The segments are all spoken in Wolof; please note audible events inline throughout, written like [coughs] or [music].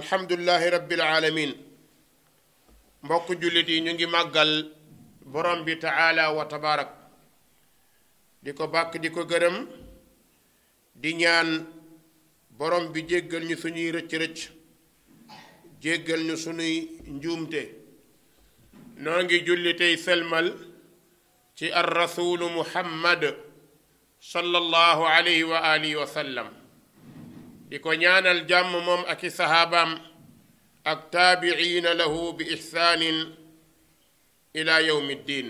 alhamdulilahi rabbil alamin mbokk jullit yi ñu ngi màggal borom bi taala wa di ko bàkk di ko gërëm di ñaan borom bi jéggal ñu suñuy rëcc-rëcc jéggal ñu suñuy njuumte noo ngi julli tey selmal ci ar rasulu muhammad sallallahu alayhi wa alihi di ko ñaanal jàmm moom ak i saxaabaam ak taabiciina lahu bi ixsaanin ila yowmi ddin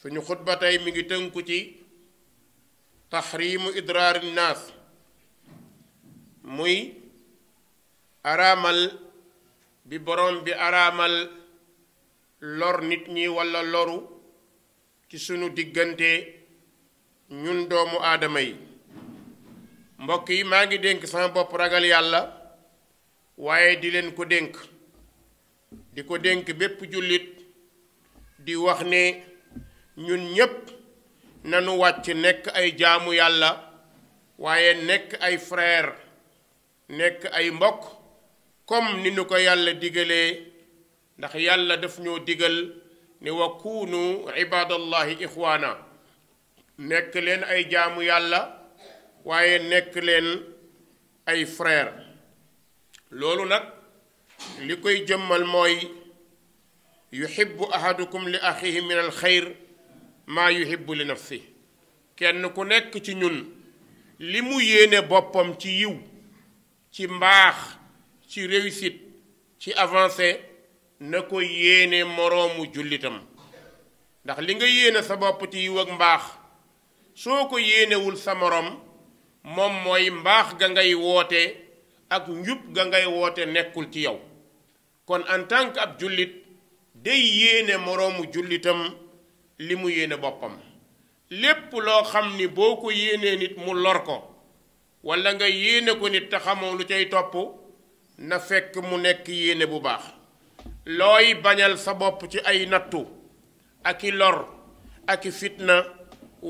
suñu xutba tey mi ngi tënku ci taxriimu idraari nnaas muy araamal bi borom bi araamal lor nit ñi walla loru ci sunu diggante ñun doomu aadama yi mbokk yi maa ngi dénk sama bopp ragal yàlla waaye di leen ko dénk di ko dénk bépp jullit di wax ne ñun ñépp nanu wàcc nekk ay jaamu yàlla waaye nekk ay frère nekk ay mbokk comme ni nu ko yàlla digalee ndax yàlla daf ñoo digal ne wa kuunu ibadallahi ixwaana nekk leen ay jaamu yàlla waaye nekk leen ay frère loolu nag li koy jëmmal mooy yuhibbu ahadukum li axihi min al xayr maa yuhibbu li nafsi kenn ku nekk ci ñun li mu yéene boppam ci yiw ci mbaax ci réussite ci avancé na ko yéene moroomu jullitam ndax li nga yéene sa bopp ci yiw ak mbaax soo ko yéenewul sa moroom moom mooy mbaax ga ngay woote ak njub ga ngay woote nekkul ci yow kon en tant que ab jullit day yéene moroomu jullitam li mu yéene boppam lépp loo xam ni boo ko yéenee nit mu lor ko walla nga yéene ko nit te xamoo lu cay topp na fekk mu nekk yéene bu baax looy bañal sa bopp ci ay nattu aki i lor ak fitna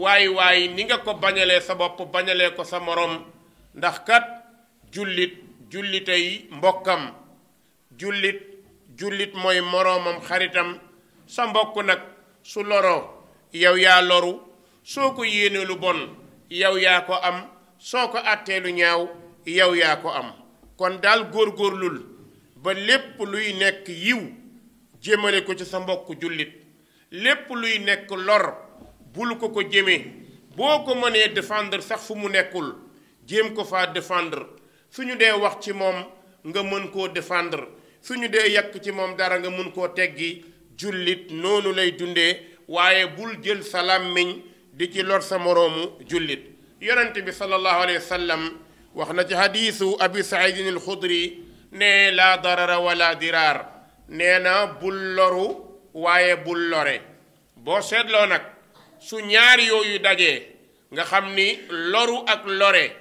waay waay ni nga ko bañalee sa bopp bañalee ko sa moroom ndax kat jullit jullitay mbokkam jullit jullit mooy moromam xaritam sa mbokk nag su loro yow yaa loru soo ko yéene lu bon yow yaa ko am soo ko àttee lu ñaaw yow yaa ko am kon daal góor góorgóorlul ba lépp luy nekk yiw jéemale ko ci sa mbokk jullit lépp luy nekk lor bul ko ko jëmee boo ko mënee défendre sax fu mu nekkul jéem ko faa défendre suñu dee wax ci moom nga mën koo défendre suñu dee yàq ci moom dara nga mën koo teggi jullit noonu lay dundee waaye bul jël sa làmmiñ di ci lor sa moroomu jullit yonente bi sallallahu alayhi wa sallam wax na ci hadiisu abi saidin al xudri ne laa darara wala diraar nee na bul loru waaye bul lore boo seetloo nag su ñaar yooyu dajee nga xam ni loru ak lore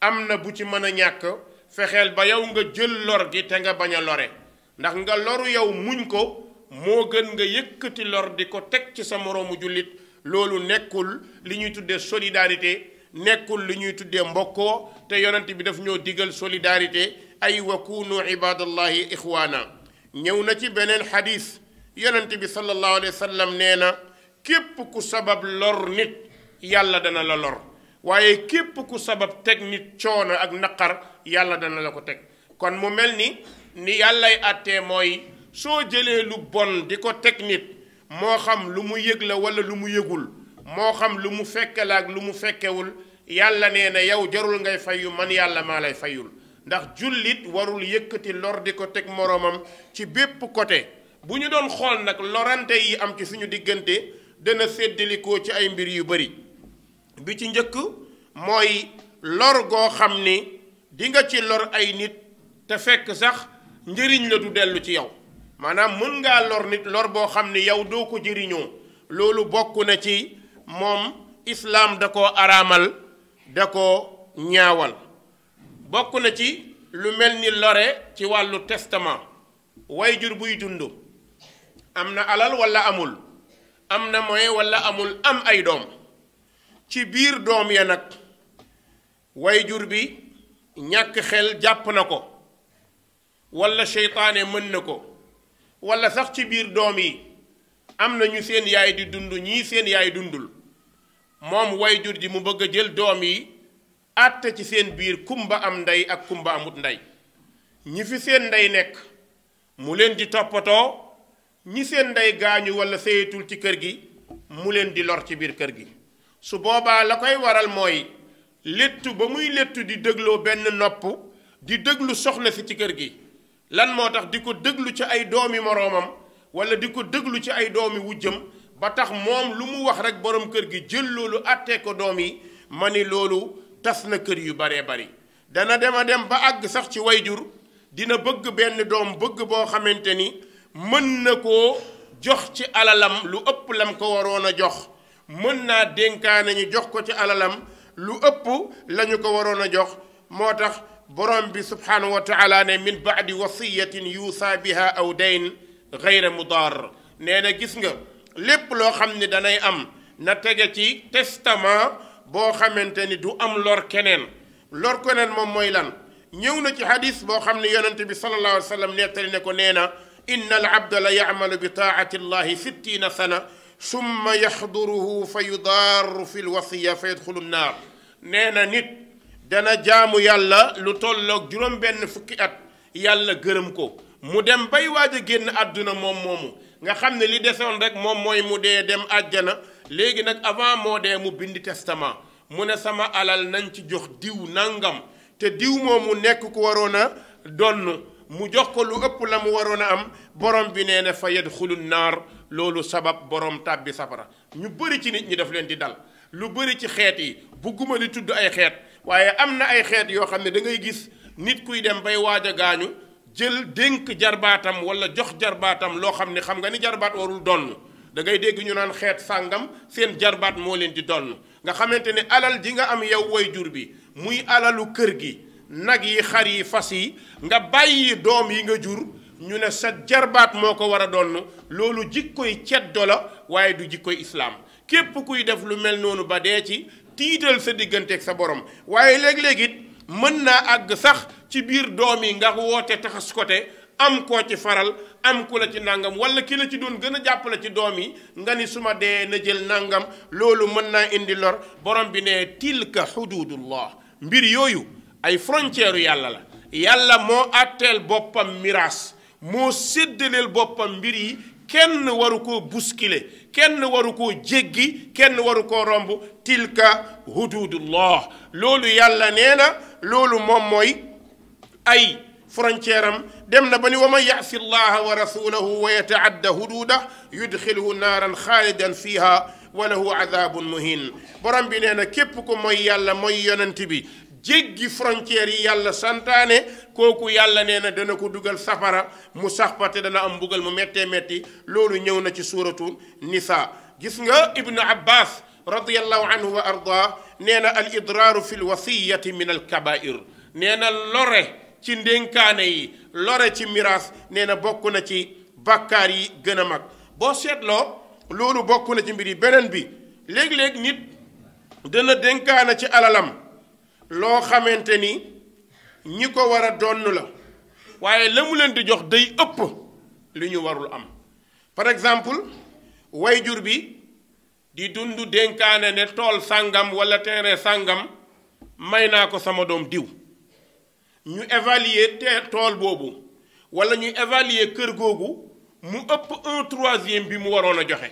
am na bu ci mën a ñàkk fexeel ba yow nga jël lor gi te nga bañ a lore ndax nga loru yow muñ ko moo gën nga yëkkati lor di ko teg ci sa moroomu jullit loolu nekkul li ñuy tuddee solidarité nekkul li ñuy tuddee mbokkoo te yonent bi dafa ñoo digal solidarité ay wa kunu ibadallahi ixwaana ñëw na ci beneen xadis yonent bi sallallahu alayhi wa sallam nee na képp ku sabab lor nit yàlla dana la lor waaye képp ku sabab teg nit coono ak naqar yàlla dana la ko teg kon mu mel ni ni yàllay àttee mooy soo jëlee lu bon di ko teg nit moo xam lu mu yëg la wala lu mu yëgul moo xam lu mu fekke la ak lu mu fekkewul yàlla nee na yow jarul ngay fayu man yàlla maa lay fayul ndax jullit warul yëkkati lor di ko teg moroomam ci bépp côté bu ñu doon xool nag lorante yi am ci suñu diggante dana séddalikoo ci ay mbir yu bari bi ci njëkk mooy lor goo xam ni di nga ci lor ay nit te fekk sax njëriñ la du dellu ci yow maanaam mën nga lor nit lor boo xam ni yow doo ko jëriñoo loolu bokk na ci moom islaam da koo araamal da ko ñaawal bokk na ci lu mel ni lore ci wàllu testament way jur buy dund am na alal walla amul am na moyen wala amul am ay doom ci biir doom ya nag wayjur bi ñàkk xel jàpp na ko wala seytaane mën na ko walla sax ci biir doom yi am na ñu seen yaay di dund ñii seen yaay dundul moom wayjur ji mu bëgg a jël doom yi àtte ci seen biir kumba am ndey ak kumba amut ndey ñi fi seen ndey nekk mu leen di toppatoo ñi seen ndey gaañu walla séyatul ci kër gi mu leen di lor ci biir kër gi su boobaa la koy waral mooy létt ba muy létt di dégloo benn nopp di déglu soxna si ci kër gi lan moo tax di ko déglu ci ay doomi moroomam walla di ko déglu ci ay doomi wujjam ba tax moom lu mu wax rekk boroom kër gi jël loolu àttee ko doom yi ma ni loolu tas na kër yu baree bari dana dem a dem ba àgg sax ci wayjur dina bëgg benn doom bëgg boo xamante ni mën na koo jox ci alalam lu ëpp lam ko waroon a jox mën naa dénkaane ñu jox ko ci alalam lu ëpp lañu ko waroon a jox moo tax borom bi subhanahu wa taala ne min baadi wasiyatin yuusa biha aw dayn gayra mudaar nee na gis nga lépp loo xam ni danay am na tege ci testament boo xamante ni du am lor keneen lor keneen moom mooy lan ñëw na ci hadis boo xam ne yonente bi sallallahu alayhi wa sallam ne ko nee na inna al abda la yacmalu bi taacati llahi sittiina sana summa yaxduruhu fa yudaaru fi lwasiya fa yadxulu nnaar nee na nit dana jaamu yàlla lu tolloog juróom-benn fukki at yàlla gërëm ko mu dem bay waaj a génn àdduna moom moomu nga xam ne li desoon rek moom mooy mu dee dem àjjana léegi nag avant moo dee mu bind testament mu ne sama alal nañ ci jox diw nangam te diw moomu nekk ku waroon a donn mu jox ko lu ëpp la mu waroon a am borom bi nee na fa yadxulu naar loolu sabab borom tàbbi safara ñu bëri ci nit ñi def leen di dal lu bari ci xeet yi bugguma li tudd ay xeet waaye am na ay xeet yoo xam ne da ngay gis nit kuy dem bay waaj a gaañu jël dénk jarbaatam wala jox jarbaatam loo xam ne xam nga ni jarbaat warul donn dangay dégg ñu naan xeet sàngam seen jarbaat moo leen di donn nga xamante ne alal ji nga am yow way jur bi muy alalu kër gi nag yi xar yi fas yi nga bàyyi doom yi nga jur ñu ne sa jarbaat moo ko war a donn loolu jikkoy ceddo la waaye du jikkoy islaam képp kuy def lu mel noonu ba dee ci tiital sa digganteeg sa borom waaye léeg léegi mën naa àgg sax ci biir doom yi nga woote taxas côté am koo ci faral am ku la ci nangam wala ki la ci doon gën a jàppale ci doom yi nga ni suma ma dee na jël nangam loolu mën naa indi lor borom bi ne tilka xududullah mbir yooyu ay frontière yàlla la yàlla moo àtteel boppam miraas moo séddaleel boppam mbir yi kenn waru koo bousculer kenn waru koo jéggi kenn waru koo romb tilka hududullah loolu yàlla nee na loolu moom mooy ay frontière dem na ba ni wa man yasi llaha wa rasulahu wa yataadda huduudah yudxilhu naaran xaalidan fiha wa lahu adabun muhin borom bi nee na ko mooy yàlla mooy yonent bi jéggi frontière yi yàlla santaane kooku yàlla nee na dana ko dugal safara mu sax te dana am mbugal mu méttee métti loolu ñëw na ci suuratu nisaa gis nga ibnu abbas radiallahu anhu wa arda nee na al idraaru fi lwasiyati min al kabair nee na lore ci ndénkaane yi lore ci miraas nee na bokk na ci bàkkaar yi gën a mag boo seetloo loolu bokk na ci mbir yi beneen bi léegi léeg nit dana dénkaana ci alalam loo xamante ni ñi ko war a donn la waaye la mu leen di jox day ëpp li ñu warul am par exemple way jur bi di dund dénkaane ne tool sàngam walla terrain sàngam may naa ko sama doom diw ñu évaluer te tool boobu walla ñu évaluer kër googu mu ëpp un troisième bi mu waroon a joxe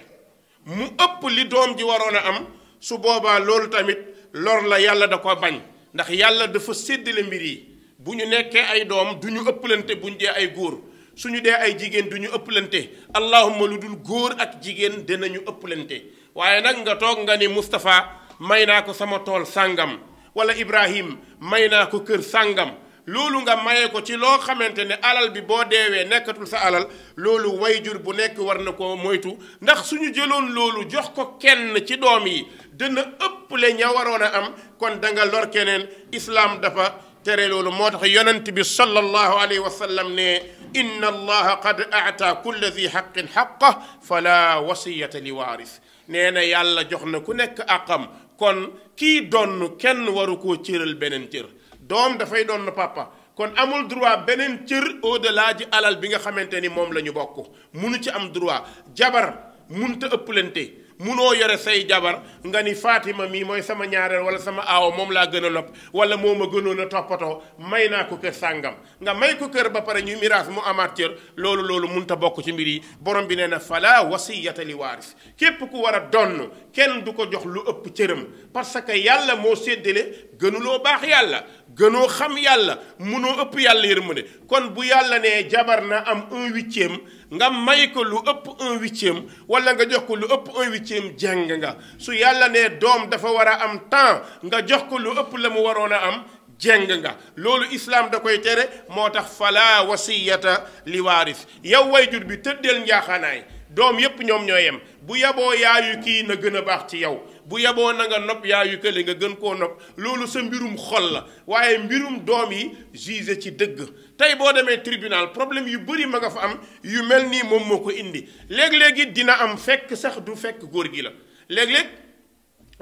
mu ëpp li doom ji waroon a am su boobaa loolu tamit lor la yàlla da ko bañ ndax yàlla dafa séddale mbir yi bu ñu nekkee ay doom du ñu ëpplante bu ñu dee ay góor su ñu dee ay jigéen du ñu ëppalante allahuma lu dul góor ak jigéen dinañu ëpplante waaye nag nga toog nga ni Moustapha may naa ko sama tool sàngam wala Ibrahim may naa ko kër sàngam loolu nga maye ko ci loo xamante ne alal bi boo deewee nekkatul sa alal loolu wayjur bu nekk war na ko moytu ndax suñu jëloon loolu jox ko kenn ci doom yi ëpp le ña waroon a am kon da nga lor keneen islaam dafa tere loolu moo tax yonent bi sallallahu alayhi wa sallam ne inna allaha qad aataa kulla di xaqin xaqa fala wasiyata li waaris nee na yàlla jox na ku nekk àqam kon kii donn kenn waru ko cëral beneen cër doom dafay doon na papa kon amul droit beneen cër au delà ji alal bi nga xamante ni moom la ñu bokk munu ci am droit jabar munta ëpplante munoo yore say jabar nga ni Fatima mii mooy sama ñaareel wala sama aaw moom laa gën a nopp wala moom ma gënoon a toppatoo may naa ko kër sàngam nga may ko kër ba pare ñu miraas mu amaat cër loolu loolu munta bokk ci mbir yi borom bi nee na fala wasiyata li waaris képp ku war a donn kenn du ko jox lu ëpp cëram parce que yàlla moo séddale gënuloo baax yàlla gënoo xam yàlla munoo ëpp yàlla mu yërmande kon bu yàlla nee jabar na am un huitième nga may ko lu ëpp un huitième wala nga jox ko lu ëpp un huitième jeng nga su yàlla nee doom dafa war a am temps nga jox ko lu ëpp la mu waroon a am jeng nga loolu islaam da koy tere moo tax falaa wasiyata li waaris yow wayjur bi tëddeel njaaxaanaay doom yépp ñoom ñoo yem bu yaboo yaayu kii na gën a baax ci yow bu yeboo na nga nopp yaa yu kële nga gën koo nopp loolu sa mbirum xol la waaye mbirum doom yi juge ci dëgg tey boo demee tribunal problème yu bëri ma nga fa am yu mel nii moom moo ko indi léeg-léegi dina am fekk sax du fekk góor gi la léeg-léeg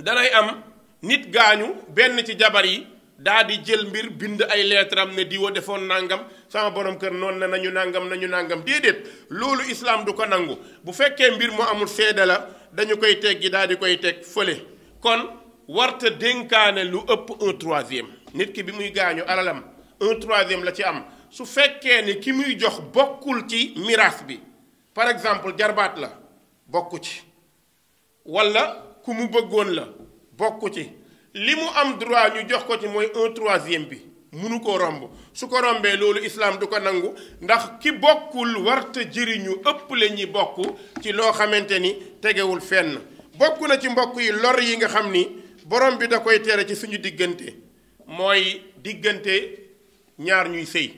danay am nit gaañu benn ci jabar yi daa di jël mbir bind ay lettre ne diwo defoon nangam sama borom kër noonu na nañu nangam nañu nangam déedéet loolu islaam du ko nangu bu fekkee mbir mu amul seede la dañu koy teggi daal di koy teg fële kon warte dénkaane lu ëpp un troisième nit ki bi muy gaañu alalam un troisième la ci am su fekkee ni ki muy jox bokkul ci miraas bi par exemple jarbaat la bokku ci walla ku mu bëggoon la bokku ci li mu am droit ñu jox ko ci mooy un troisième bi munu koo romb su ko rombee loolu islaam du ko nangu ndax ki bokkul warta jëriñu ëpp la ñi bokk ci loo xamante ni tegewul fenn bokk na ci mbokk yi lor yi nga xam ni borom bi da koy tere ci suñu diggante mooy diggante ñaar ñuy sëy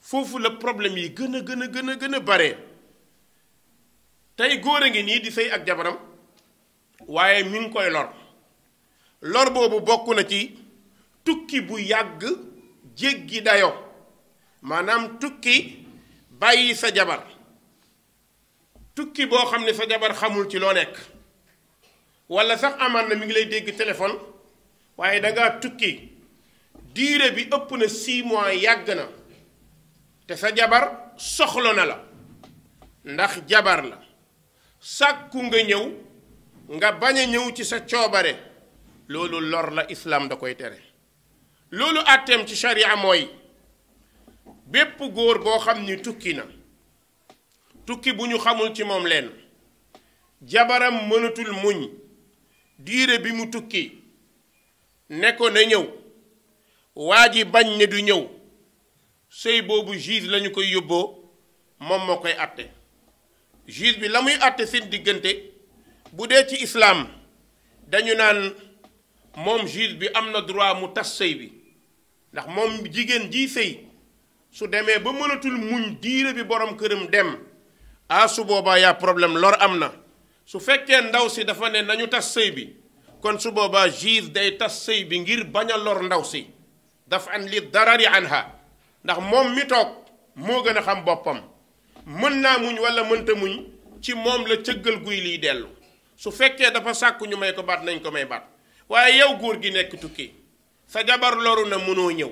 foofu la problème yi gën a gën a gën a gën a bare tey góor a ngi nii di sëy ak jabaram waaye mi koy lor lor boobu bokk na ci tukki bu yàgg jéggi dayoo maanaam tukki bàyyi sa jabar tukki boo xam ne sa jabar xamul ci loo nekk walla sax amaan na mu ngi lay dégg téléphone waaye danga tukki diire bi ëpp na six mois yàgg na te sa jabar soxla na la ndax jabar la sàkku nga ñëw nga bañ a ñëw ci sa coobare loolu lor la islaam da koy tere loolu àtteem ci sharia mooy bépp góor boo xam ni tukki na tukki bu ñu xamul ci moom leen jabaram mënatul muñ diire bi mu tukki ne ko na ñëw waa ji bañ ne du ñëw sëy boobu juge lañu koy yóbboo moom moo koy àtte juge bi la muy àtte seen diggante bu dee ci islaam dañu naan moom juge bi am na droit mu tas sëy bi ndax moom jigéen ji sëy su demee ba mënatul muñ diire bi borom këram dem ah su boobaa yaa problème lor am na su fekkee ndaw si dafa ne nañu tas sëy bi kon su boobaa juge day tas sëy bi ngir bañ a lor ndaw si daf an li darari anha ndax moom mi toog moo gën a xam boppam mën naa muñ wala mënta muñ ci moom la cëggal guy liy dellu su fekkee dafa sàkku ñu may ko baat nañ ko may baat waaye yow góor gi nekk tukki sa jabar loru na mënoo ñëw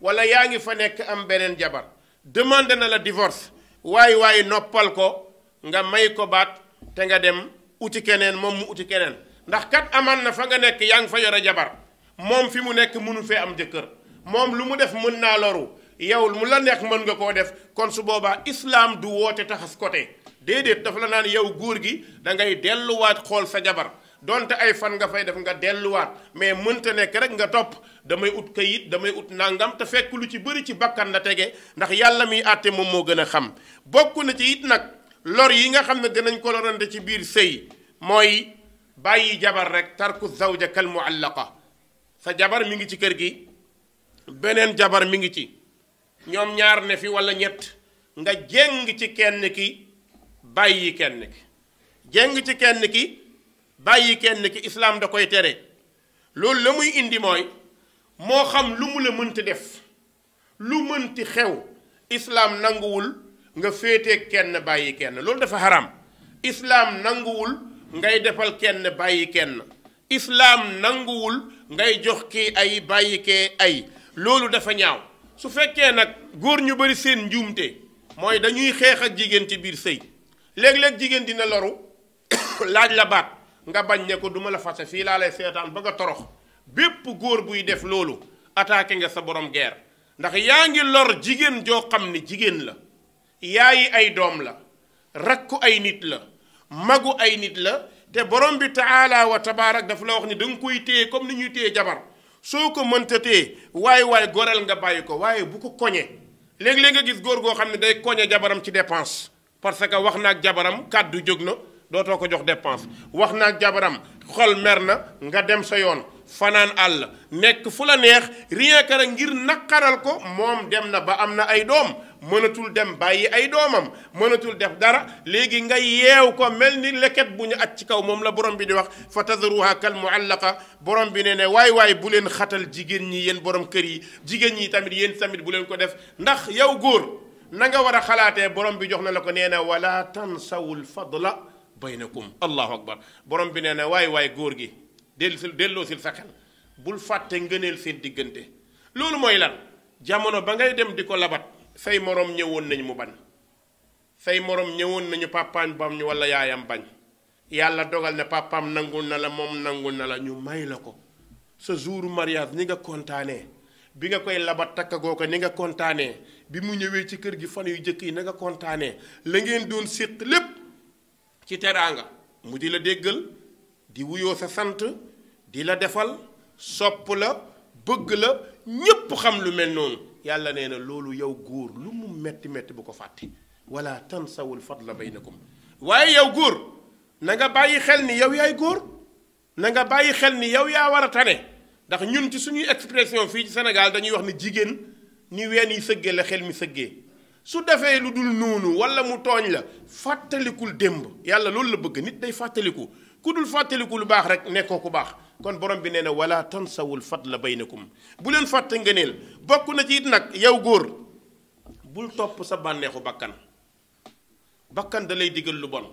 wala yaa ngi fa nekk am beneen jabar demande na la divorce waaye waaye noppal ko nga may ko baat te nga dem uti keneen moom mu uti keneen ndax kat amaan na fa nga nekk yaa ngi fa yore jabar moom fi mu nekk mënu fee am jëkkër moom lu mu def mën naa loru yowul mu la neex mën nga koo def kon su boobaa islaam du woote taxas côté déedéet dafa la naan yow góor gi da ngay delluwaat xool sa jabar donte ay fan nga fay def nga delluwaat mais mënta nekk rek nga topp damay ut kayit damay ut nangam te fekk lu ci bëri ci bakkan la tege ndax yàlla miy àtte moom moo gën a xam bokk na ci it nag lor yi nga xam ne dinañ ko lorante ci biir sëy mooy bàyyi jabar rek tarku zawja kal muallaqa sa jabar mi ngi ci kër gi beneen jabar mi ngi ci ñoom ñaar ne fi wala ñett nga jéng ci kenn ki bàyyi kenn ki jéng ci kenn ki bàyyi kenn ki islaam da koy tere loolu la muy indi mooy moo xam lu mu la mënti def lu mënti xew islaam nanguwul nga féete kenn bàyyi kenn loolu dafa haram islaam nanguwul ngay defal kenn bàyyi kenn islaam nanguwul ngay jox kii ay bàyyi kee ay loolu dafa ñaaw su fekkee nag góor ñu bari seen njuumte mooy dañuy xeex ak jigéen ci biir sëy léeg-léeg jigéen dina loru [coughs] laaj la baat nga bañ ne ko duma la fase fii laa lay seetaan ba nga torox bépp góor buy def loolu attaqué nga sa borom guerre ndax yaa ngi lor jigéen joo xam ne jigéen la yaay ay doom la rakku ay nit la magu ay nit la te borom bi taala wa tabaarak dafa la wax ni da koy téye comme ni ñuy téye jabar soo ko mëntatee waaye waaye goreel nga bàyyi ko waaye bu ko koñe léeg-léeg nga gis góor goo xam ne day koñe jabaram ci dépense parce que wax na jabaram kàddu jóg na dootoo ko jox dépense wax naa jabaram xol mer na nga dem sa yoon fanaan àll nekk fu la neex rien que rek ngir naqaral ko moom dem na ba am na ay doom mënatul dem bàyyi ay doomam mënatul def dara léegi nga yeew ko mel ni leket bu ñu at ci kaw moom la borom bi di wax fa tadruha kal muallaqa borom bi ne ne waay waay bu leen xatal jigéen ñi yéen borom kër yi jigéen ñi tamit yéen tamit bu leen ko def ndax yow góor na nga war a xalaatee borom bi jox na la ko nee na wala tansawul fadla baynakum allahu akbar borom bi nee na waaye waaye góor gi dellusil delloosil sa xel bul fàtte ngëneel seen diggante loolu mooy lan jamono ba ngay dem di ko labat say moroom ñëwoon nañ mu ban say moroom ñëwoon nañu pàppaan bam ñu walla yaayam bañ yàlla dogal ne pàppaam nangul na la moom nangul na la ñu may la ko sa jouru mariage ni nga kontaanee bi nga koy labat takkagoo ko ni nga kontaanee bi mu ñëwee ci kër gi fan yu jëkk yi na nga kontaanee la ngeen doon séq lépp ci teraanga mu di la déggal di wuyoo sa sant di la defal sopp la bëgg la ñépp xam lu mel noonu yàlla nee na loolu yow góor lu mu metti metti bu ko fàtte wala tansawul fadla baynakum waaye yow góor na nga bàyyi xel ni yow yaay góor na nga bàyyi xel ni yow yaa war a tane ndax ñun ci suñuy expression fii ci senegal dañuy wax ni jigéen ni ween yi sëggee la xel mi sëggee su defee lu dul noonu walla mu tooñ la fàttalikul démb yàlla loolu la bëgg nit day fàttaliku ku dul fàttaliku lu baax rek nekkoo ku baax kon borom bi nee na wala tansawul fadla baynakum bu leen fàtte ngëneel bokk na ci it nag yow góor bul topp sa bànneexu bakkan bakkan da lay digal lu bon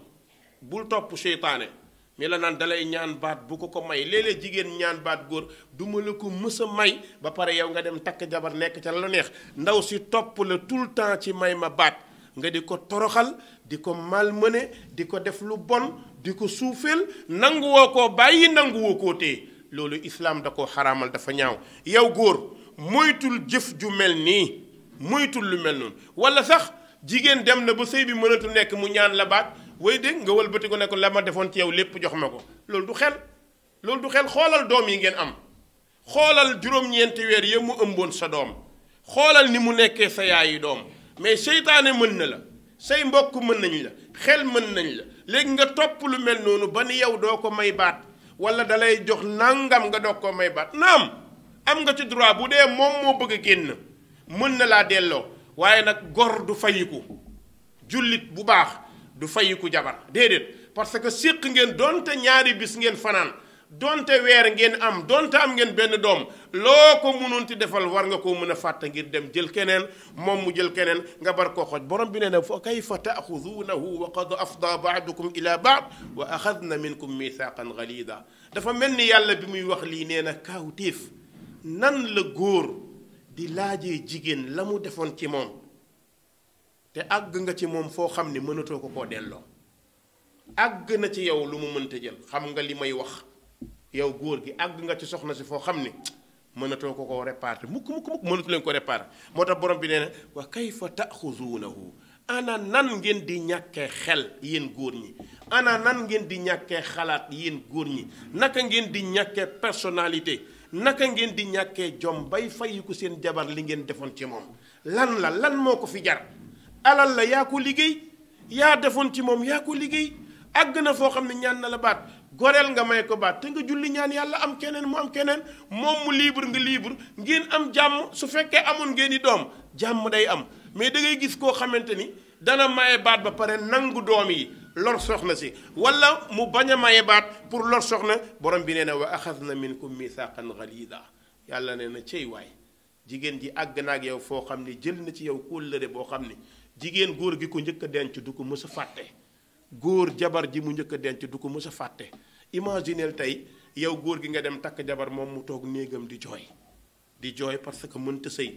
bul topp seytaane mi la naan dalay ñaan baat bu ko ko may léeg-léeg jigéen ñaan baat góor duma la ko mësa may ba pare yow nga dem takk jabar nekk ca la neex ndaw si topp la tout le temps ci may ma baat nga di ko toroxal di ko mëne di ko def lu bon di ko suufeel nanguwoo koo bàyyi nanguwoo ko tee loolu islaam da koo xaraamal dafa ñaaw yow góor moytul jëf ju mel nii moytul lu mel noonu wala sax jigéen dem na ba sëy bi mënatu nekk mu ñaan la baat way de nga wëlbati ko ne ko la ma defoon ci yow lépp jox ma ko loolu du xel loolu du xel xoolal doom yi ngeen am xoolal juróom-ñeenti weer yëpp mu ëmboon sa doom xoolal ni mu nekkee sa yi doom mais seytaane mën na la say mbokk mën nañ la xel mën nañ la léegi nga topp lu mel noonu ba ni yow doo ko may baat wala dalay jox nangam nga doog ko may baat naam am nga ci droit bu dee moom moo bëgg a génn mën na laa delloo waaye nag gor du fayiku jullit bu baax du fayiku jabar déedéet parce que séq ngeen donte ñaari bis ngeen fanaan donte weer ngeen am donte am ngeen benn doom loo ko ti defal war nga koo mën a fàtte ngir dem jël keneen moom mu jël keneen nga bar koo xoj borom bi nee na fa kayfa taaxuduunahu wa qad afda baadukum ila baad wa axadna minkum mithaqan galida dafa mel ni yàlla bi muy wax lii nee na kaawtéef nan la góor di laajee jigéen la mu defoon ci moom te àgg nga ci moom foo xam ne mënatoo ko koo delloo àgg na ci yow lu mu mënta jël xam nga li may wax yow góor gi àgg nga ci soxna si foo xam ni mënatoo ko koo répartir mukk mukk mukk mënatu leen ko répartir moo tax borom bi nee na wa kayfa taxuzuunahu ana nan ngeen di ñàkkee xel yéen góor ñi ana nan ngeen di ñàkkee xalaat yéen góor ñi naka ngeen di ñàkkee personnalité naka ngeen di ñàkkee jom bay fayiku seen jabar li ngeen defoon ci moom lan la lan moo ko fi jar alal la yaa ko liggéey yaa defoon ci moom yaa ko liggéey àgg na foo xam ne ñaan na la baat goreel nga may ko baat te nga julli ñaan yàlla am keneen mu am keneen moom mu libre nga libre ngeen am jàmm su fekkee amoon ngeen di doom jàmm day am mais da ngay gis koo xamante ni dana maye baat ba pare nangu doom yi lor soxna si wala mu bañ a maye baat pour lor soxna borom bi nee na wa axadna minkum mithaqan ghalida yàlla nee na cey waay jigéen ji àgg na ak yow foo xam ne jël na ci yow kóllëre boo xam ne jigéen góor gi ko njëkk a denc du ko mës a fàtte góor jabar ji mu njëkk denc du ko mës fàtte imagineel tey yow góor gi nga dem takk jabar moom mu toog néegam di jooy di jooy parce que mënta sëy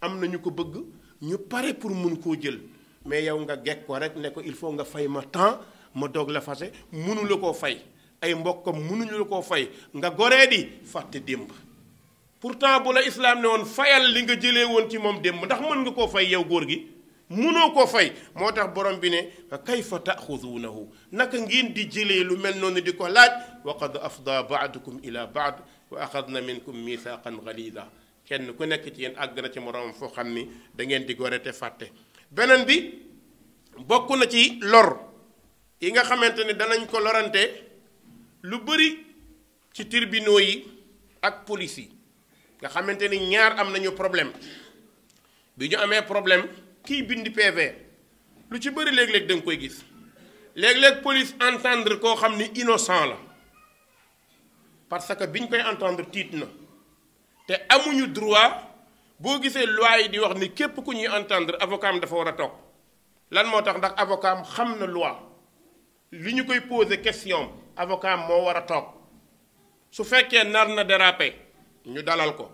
am na ñu ko bëgg ñu pare pour mun koo jël mais yow nga gekk ko rek ne ko il faut nga fay ma temps ma doog la fase mënu koo fay ay mbokkam mënuñu koo fay nga goree di fàtte démb pourtant bu la islaam ne woon fayal li nga jëlee woon ci moom démb ndax mën nga koo fay yow góor gi mënoo ko fay moo tax borom bi ne fa wu taaxuduunahu naka ngeen di jëlee lu mel noonu di ko laaj wa qad afda baadukum ila baad wa axadna minkum mithaqan galida kenn ku nekk ci yéen àgg na ci moroomam foo xam ni da ngeen di gore te fàtte beneen bi bokk na ci lor yi nga xamante ni danañ ko lorante lu bëri ci tribunaux yi ak police yi nga xamante ni ñaar am nañu problème bi ñu amee problème kiy bind PV lu ci bëri léeg-léeg da nga koy gis léeg-léeg police entendre koo xam ni innocent la parce que biñ koy entendre tiit na te amuñu droit boo gisee loi yi di wax ni képp ku ñuy entendre avocat dafa war a toog lan moo tax ndax avocat xam na loi li ñu koy posé question avocat moo war a toog su fekkee nar na déraper ñu dalal ko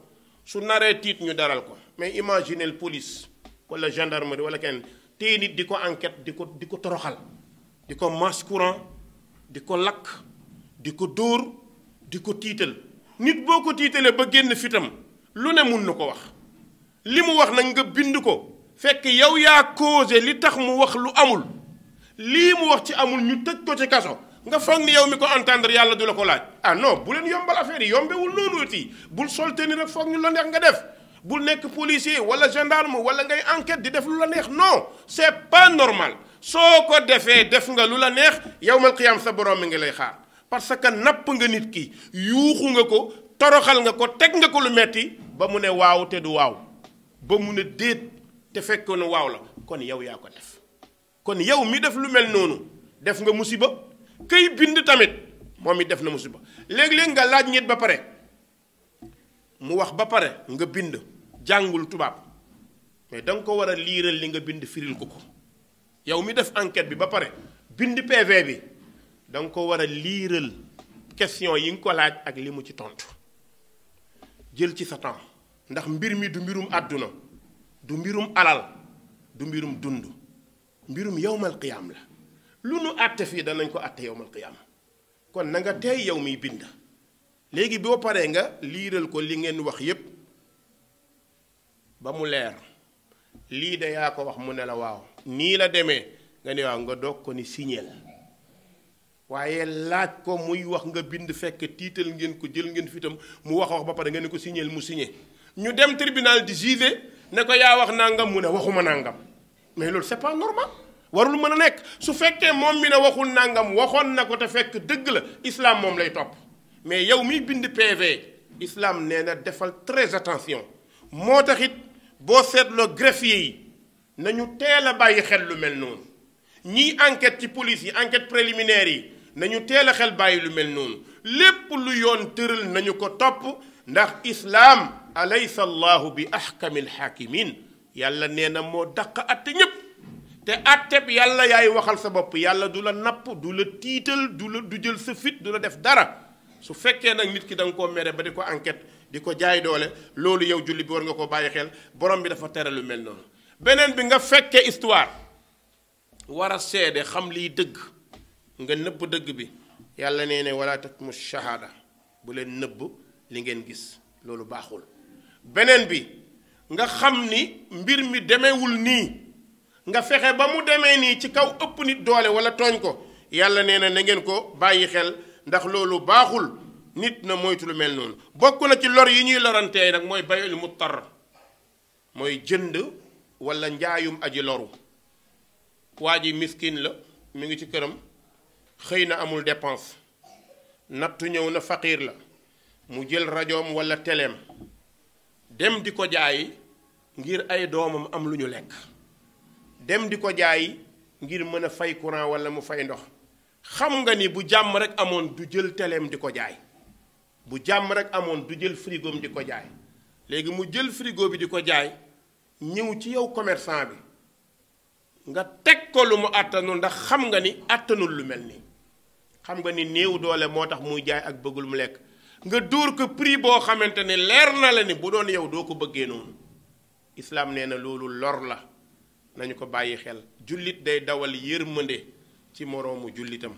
su naree tiit ñu dalal ko mais imaginez police wala gendarmerie walla kenn téye nit di ko enquête di ko di ko toroxal di ko masse courant di ko lakk di ko dóor di ko tiital nit boo ko tiitalee ba génn fitam lu ne mun na ko wax li mu wax nag nga bind ko fekk yow yaa causé li tax mu wax lu amul lii mu wax ci amul ñu tëj ko ci kaso nga foog ni yow mi ko entendre yàlla du la ko laaj ah non bu leen yombal affaire yi yombewul noonu it bul soltee ni rek foog ñu la neex nga def bul nekk policier wala gendarme wala ngay enquête di def lu la neex non c'est pas normal soo ko defee def nga lu la neex yowmal qiyaam sa borom mi ngi lay xaar parce que napp nga nit ki yuuxu nga ko toroxal nga ko teg nga ko lu metti ba mu ne waaw te du waaw ba mu ne déet te fekkoon waaw la kon yow yaa ko def kon yow mi def lu mel noonu def nga musiba kay bind tamit moom it def na musiba léeg-léeg nga laaj nit ba pare mu wax ba pare nga bind jàngul tubaab mais da nga ko war a liiral li nga bind firil ko ko yow mi def enquête bi ba pare bind PV bi da nga ko war a liiral question yi nga ko laaj ak li mu ci tontu jël ci sa temps ndax mbir mi du mbirum àdduna du mbirum alal du mbirum dund mbirum yowmal qiyaam la lu nu àtte fii danañ ko àtte yowmal qiyaam kon nanga nga tey yow mi bind léegi boo paree nga liiral ko li ngeen wax yépp ba mu leer lii de yaa ko wax mu ne la waaw nii la demee nga ne waaw nga doog ko ni signeel waaye laaj ko muy wax nga bind fekk tiital ngeen ko jël ngeen fii tam mu wax ba pare nga ne ko signeel mu signé ñu dem tribunal di juge ne ko yaa wax nangam mu ne waxuma nangam mais loolu c'est pas normal warul mën a nekk su fekkee moom mi ne waxul nangam waxoon na ko te fekk dëgg la islaam moom lay topp mais yow miy bind PV islam nee defal très attention moo taxit boo seetloo greffier yi nañu teel a bàyyi xel lu mel noonu ñii enquête ci police yi enquête préliminaire yi nañu teel a xel bàyyi lu mel noonu lépp lu yoon tëral nañu ko topp ndax islaam alaysa allahu bi ahkamil hakimin yàlla nee na moo daq atte ñépp te atteb yàlla yaay waxal sa bopp yàlla du la napp du la tiital du la du jël sa fit du la def dara su fekkee nag nit ki da ko koo mere ba di ko enquête di ko jaay doole loolu yow julli bi war nga ko bàyyi xel borom bi dafa tere lu mel noonu beneen bi nga fekkee histoire war a seede xam liy dëgg nga nëbb dëgg bi yàlla nee ne wala tatmu shahada bu leen nëbb li ngeen gis loolu baaxul beneen bi nga xam ni mbir mi demewul nii nga fexe ba mu demee nii ci kaw ëpp nit doole wala tooñ ko yàlla nee na na ngeen ko bàyyi xel ndax loolu baaxul nit na moytu lu mel noonu bokk na ci lor yi ñuy lorantee nag mooy bayul muttar mooy jënd walla njaayum aji loru waa ji miskin la mu ngi ci këram xëy na amul dépense nattu ñëw na faqiir la mu jël rajoom wala teleem dem di ko jaay ngir ay doomam am lu ñu lekk dem di ko jaay ngir mën a fay courant wala mu fay ndox xam nga ni bu jàmm rekk amoon du jël teleem di ko jaay bu jàmm rek amoon du jël frigoom di ko jaay léegi mu jël frigo bi di ko jaay ñëw ci yow commerçant bi nga teg ko lu mu àttanul ndax xam nga ni àttanul lu mel ni xam nga ni néew doole moo tax muy jaay ak bëggul mu lekk nga dóor ko prix boo xamante ne leer na la ni bu doon yow doo ko bëggee noonu islaam nee na loolu lor la nañu ko bàyyi xel jullit day dawal yërmande ci moroomu jullitam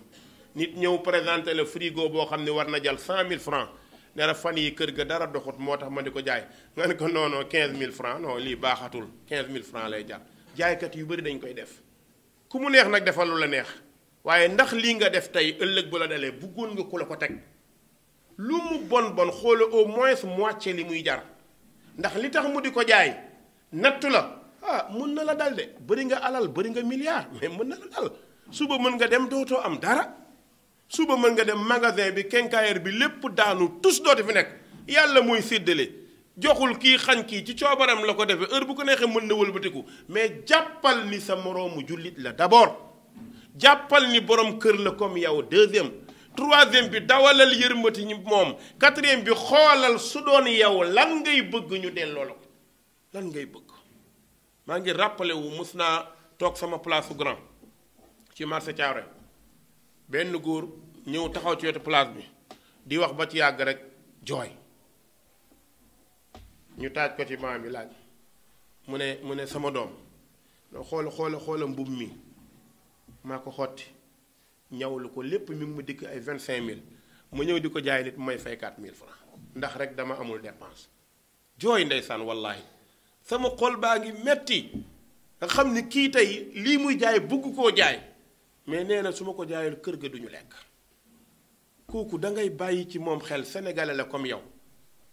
nit ñëw présenter la frigo boo xam ne war na jal 100000 francs ne la fan yi kër ga dara doxut moo tax ma di ko jaay nga ne ko non non 15000 francs non lii baaxatul 15000 francs lay jar jaaykat yu bëri dañ koy def ku mu neex nag defal la neex waaye ndax lii nga def tey ëllëg bu la dalee bëggoon nga ku ko teg lu bon bon xoola au moins moitié li muy jar ndax li tax mu di ko jaay nattu la ah mën na la dal de bëri nga alal bëri nga milliard mais mën na la dal suba mën nga dem dootoo am dara suba mën nga dem magasin bi kenkaayar bi lépp daanu tus dootu fi nekk yàlla mooy séddale joxul kii xañ kii ci coobaram la ko defee heure bu ko neexee mën na wëlbatiku mais jàppal ni sa moroomu jullit la d'abord jàppal ni borom kër la comme yow deuxième troisième bi dawalal yërmati ñi moom quatrième bi xoolal su doon yow lan ngay bëgg ñu delloo la ko lan ngay bëgg maa ngi rappelé wu mës naa toog sama place su grand ci marché Thiaroye benn góor ñëw taxaw ci wetu place bi di wax ba ci yàgg rek jooy ñu taaj ko ci maam bi laaj mu ne mu ne sama doom xoola xool xoola mbubb mi maa ko xotti ñawlu ko lépp mi mu dikk ay vingt cinq mille mu ñëw di ko jaay nit may fay quatre mille francs ndax rek dama amul dépense jooy ndeysaan wallaahi sama xool baa ngi metti nga xam ni kii tey lii muy jaay bugg koo jaay mais nee na su ma ko jaayul kër ga duñu lekk kooku da ngay bàyyi ci moom xel sénégalais la comme yow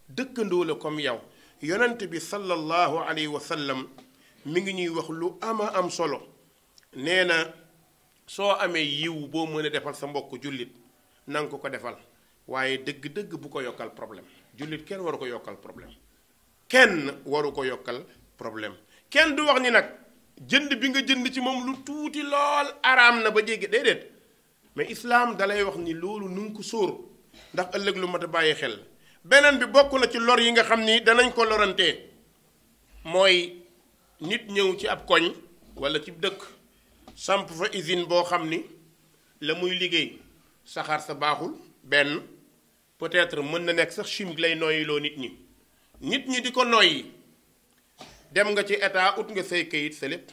dëkkandoo la comme yow yonent bi sallallahu alayhi wa sallam mi ngi ñuy wax lu ama am solo nee na soo amee yiw boo mën a defal sa mbokk jullit nanga ko ko defal waaye dëgg-dëgg bu ko yokkal problème jullit kenn waru ko yokkal problème kenn waru ko yokkal problème kenn du wax ni nag jënd bi nga jënd ci moom lu tuuti lool araam na ba jéggi déedéet mais islaam dalay wax ni loolu nu ko sóor ndax ëllëg lu mat a bàyyi xel beneen bi bokk na ci lor yi nga xam ni danañ ko lorantee mooy nit ñëw ci ab koñ walla ci dëkk samp fa usine boo xam ni la muy liggéey saxaar sa baaxul benn peut-être mën na nekk sax chimique lay nooyiloo nit ñi nit ñi di ko noyyi dem nga ci état ut nga say kayit sa lépp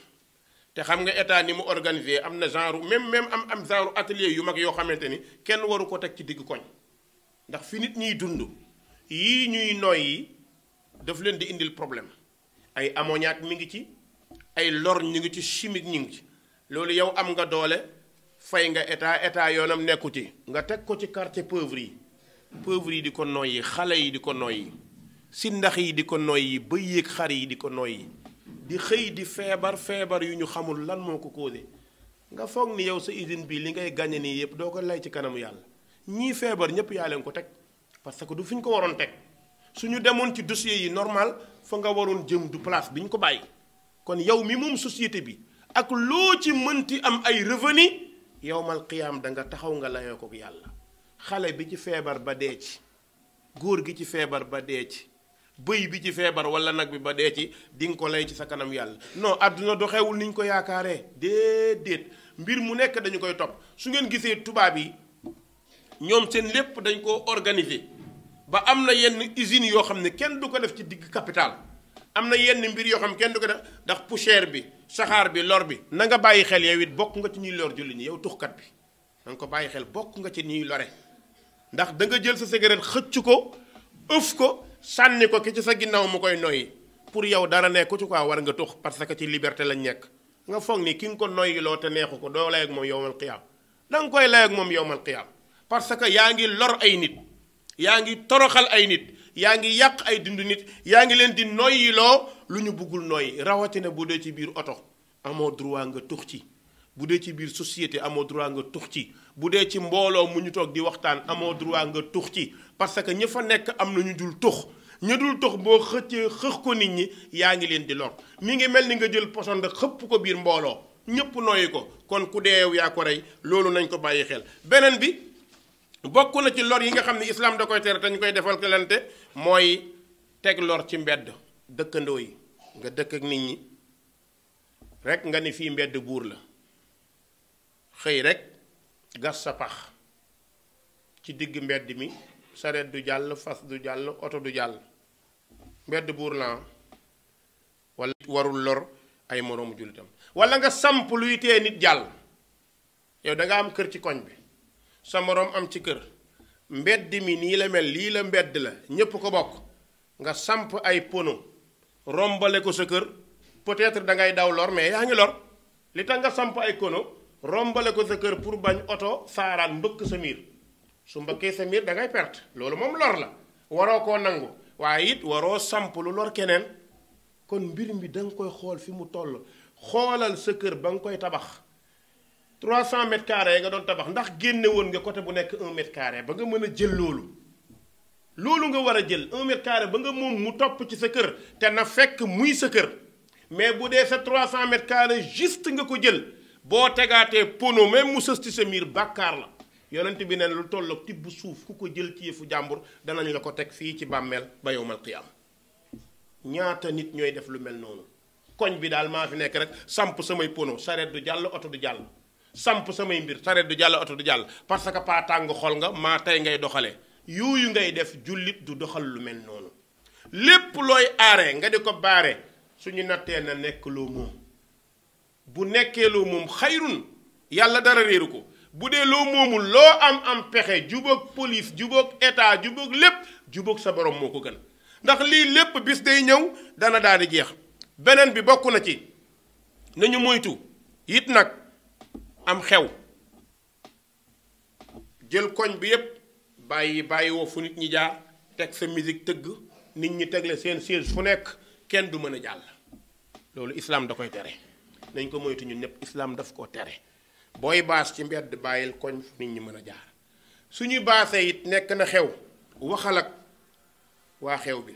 te xam nga état ni mu organisé am na genre même même am am genre atelier yu mag yoo xamante ni kenn waru ko teg ci diggu koñ ndax fi nit ñiy dund yi ñuy noy yi daf leen di indil problème ay ammoniac mi ngi ci ay lor ñu ngi ci chimique ñu ngi ci loolu yow am nga doole fay nga état état yoonam nekku ci nga teg ko ci quartier pauvre yi pauvre yi di ko yi xale yi di ko yi si ndax yi di ko noyyi ba yéeg xar yi di ko noyyi di xëy di feebar feebar yu ñu xamul lan moo ko causé nga foog ni yow sa usine bii li ngay gàññe nii yëpp doo ko lay ci kanamu yàlla ñii feebar ñëpp yaa leen ko teg parce que du fi ñu ko waroon teg su ñu demoon ci dossier yi normal fa nga waroon jëm du place bi ñu ko bàyyi kon yow mi moom société bi ak loo ci mënti am ay revenu yowmal qiyaam da nga taxaw nga layoo ko yàlla xale bi ci feebar ba dee ci góor gi ci feebar ba dee ci bëy bi ci feebar wala nag bi ba dee ci di ko lay ci sa kanam yàlla non àdduna doxewul ni ñu ko yaakaaree déedéet mbir mu nekk dañu koy topp su ngeen gisee tubaab yi ñoom seen lépp dañ ko organiser ba am na yenn usines yoo xam ne kenn du ko def ci digg capital am na yenn mbir yoo xam kenn du ko def ndax poussière bi saxaar bi lor bi na nga bàyyi xel yow it bokk nga ci ñuy lor julli ñi yow tuxkat bi na ko bàyyi xel bokk nga ci ñuy lore ndax da nga jël sa cigarette xëcc ko ëf ko sànni ko ki ci sa ginnaaw mu koy noyyi pour yow dara nekku ci quoi war nga tux parce que ci liberté lañ nekk nga foog ni ki nga ko noyyiloo te neexu ko doo lay ak moom yowmal qiyaam da nga koy lay ak moom yowmal qiyaam parce que yaa ngi lor ay nit yaa ngi toroxal ay nit yaa ngi yàq ay dund nit yaa ngi leen di noyyiloo lu ñu buggul noyyi rawatina bu dee ci biir oto amoo droit nga tux ci bu dee ci biir société amoo droit nga tux ci bu dee ci mbooloo mu ñu toog di waxtaan amoo droit nga tux ci parce que ña fa nekk am na ñu dul tux ñu dul tux boo xëccee xëx ko nit ñi yaa ngi leen di lor mi ngi mel ni nga jël poson rek xëpp ko biir mbooloo ñëpp noyyi ko kon ku deew yaa ko rey loolu nañ ko bàyyi xel beneen bi bokk na ci lor yi nga xam ne islaam da koy tere te koy defal kalante mooy teg lor ci mbedd dëkkandoo yi nga dëkk ak nit ñi rek nga ni fii mbedd buur la xëy rek gas sa pax ci digg mbedd mi sareet du jàll fas du jàll oto du jàll mbedd buur la wala warul lor ay moroomu jullitam walla nga samp luy tee nit jàll yow danga am kër ci koñ bi sa moroom am ci kër mbedd mi nii la mel lii la mbedd la ñépp ko bokk nga samp ay pono rombale ko sa kër peut-être dangay daw lor mais yaa ngi lor li tax nga samp ay kono rombale ko sa kër pour bañ oto saaraan mbëkk sa miir su mbëkkee sa miir da ngay perte loolu moom lor la waroo koo nangu waaye it waroo samp lu lor keneen kon mbir mi da nga koy xool fi mu toll xoolal sa kër ba nga koy tabax 300 mètres carrés nga doon tabax ndax génne woon nga côté bu nekk 1 mètre carré ba nga mën a jël loolu loolu nga war a jël 1 mètre carré ba nga moom mu topp ci sa kër te na fekk muy sa kër mais bu dee sa 300 mètres carrés juste nga ko jël boo tegaatee pono même mu sës ci sa miir bàkkaar la yonent bi neen lu tolloog tibb suuf ku ko jël ci yëfu jàmbur danañ la ko teg fii ci bàmmeel ba yowmal am ñaata nit ñooy def lu mel noonu koñ bi daal maa fi nekk rek samp samay pono sareet du jàll oto du jàll samp samay mbir sareet du jàll oto du jàll parce que paa tàng xol nga maa tey ngay doxalee yooyu ngay def jullit du doxal lu mel noonu lépp looy aare nga di ko baare suñu nattee na nekk loo bu nekkee loo moom xayrun yàlla dara réeru ko bu dee loo moomul loo am am pexe jubóog police jubóog état jubóog lépp jubóog sa borom moo ko gën ndax lii lépp bis day ñëw dana daal di jeex beneen bi bokk na ci nañu moytu it nag am xew jël koñ bi yépp bàyyi bàyyi woo fu nit ñi jaar teg sa musique tëgg nit ñi tegle seen siège fu nekk kenn du mën a jàll loolu islaam da koy tere nañ ko moytuñu ñun ñëpp islam daf koo tere booy baas ci mbedd bàyyil koñ fu nit ñi mën a jaar suñuy baasee it nekk na xew waxal ak waa xew bi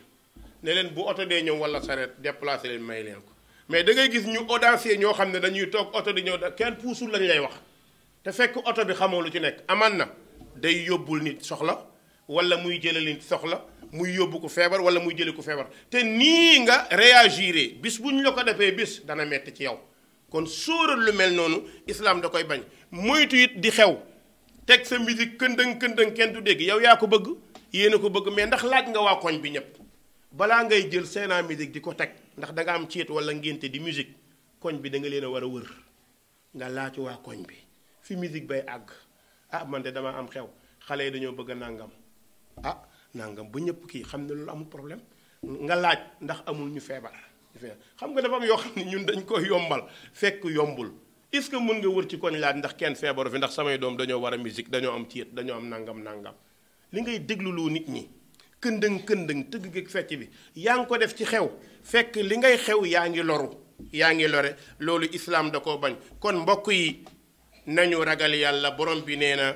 ne leen bu oto dee ñëw wala saret déplacé leen may leen ko mais dangay gis ñu audacieux ñoo xam ne dañuy toog oto di ñëw da kenn puusul lañ lay wax te fekk oto bi xamoo lu ci nekk aman na day yóbbul nit soxla wala muy jëlee nit soxla muy yóbbu ko feebar wala muy jëlee ko feebar te nii nga réagiré bis bu ñu la defee bis dana metti ci yow kon sóoral lu mel noonu islaam da koy bañ moytu it di xew teg sa musique këndëng këndëng kenn du dégg yow yaa ko bëgg yéen a ko bëgg mais ndax laaj nga waa koñ bi ñëpp balaa ngay jël seenaa musique di ko teg ndax danga nga am ceet wala ngénte di musique koñ bi danga leen a war a wër nga laaj waa koñ bi fi musique bay àgg ah man de damaa am xew xale yi dañoo bëgg a nàngam ah nàngam ba ñëpp kii xam ne loolu amul problème nga laaj ndax amul ñu feebar xam nga dafa am yoo xam ne ñun dañ koy yombal fekk yombul est-ce que mën nga wër ci koñ laaj ndax kenn feebaru fi ndax samay doom dañoo war a musique dañoo am tiit dañoo am nangam nangam li ngay dégluloo nit ñi këndëng këndëng tëgg gi fecc bi yaa ngi ko def ci xew fekk li ngay xew yaa ngi loru yaa ngi lore loolu islaam da koo bañ kon mbokk yi nañu ragal yàlla borom bi nee na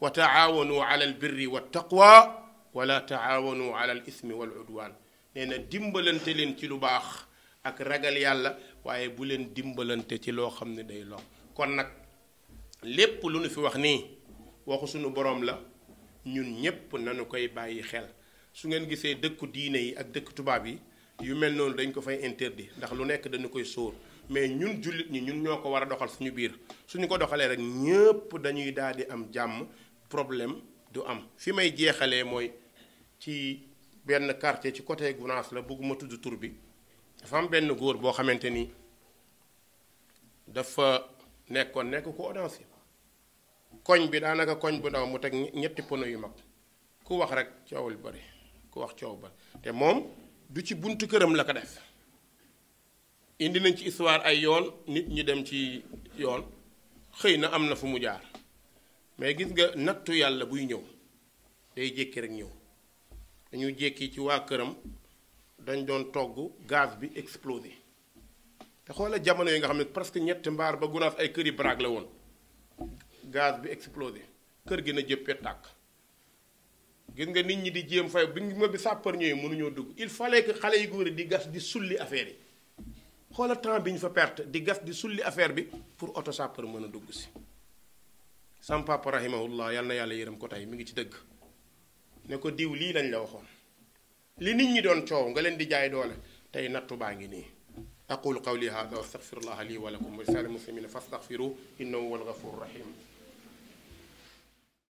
wa taawanu ala al birri wa taqwa wala taawanu ala al ismi wal udwan nee na dimbalante leen ci lu baax ak ragal yàlla waaye bu leen dimbalante ci loo xam ne day lor kon nag lépp lu nu fi wax nii waxu sunu boroom la ñun ñépp nañu koy bàyyi xel su ngeen gisee dëkku diine yi ak dëkku tubaab yi yu mel noonu dañ ko fay interdit ndax lu nekk dañu koy sóor mais ñun jullit ñi ñun ñoo ko war a doxal suñu biir suñu ko doxalee rek ñépp dañuy daal di am jàmm problème du am fi may jeexalee mooy ci benn quartier ci côté Gounass la bëgguma tudd tur bi dafa am benn góor boo xamante ni dafa nekkoon nekk ku audancieux koñ bi daanaka koñ bu ndaw mu teg ñetti pono yu mag ku wax rek coow lu bari ku wax coow bari te moom du ci buntu këram la ko def indi nañ ci histoire ay yoon nit ñi dem ci yoon xëy na am na fu mu jaar mais gis nga nattu yàlla buy ñëw day jékki rek ñëw dañu jékki ci waa këram dañ doon togg gaz bi explosé te xoola jamono yi nga xam ne presque ñetti mbaar ba gunaas ay kër yi braak la woon gaz bi explosé kër gi na jëppee tàkk gis nga nit ñi di jéem fay bi ma bi sàppar ñooyu mënuñoo dugg il fallait que xale yu góor yi di gas di sulli affaire yi xoola temps bi ñu fa perte di gas di sulli affaire bi pour oto sàppar mën a dugg si sam papa rahimahullah yal na yàlla yërëm ko tey mi ngi ci dëgg ne ko diw lii lañ la waxoon li nit ñi doon coow nga leen di jaay doole tey nattu baa ngi nii aqulu qawli hada wa astaghfirullah li wa lakum wa lisaani muslimina fastaghfiru innahu huwa alghafuru rahim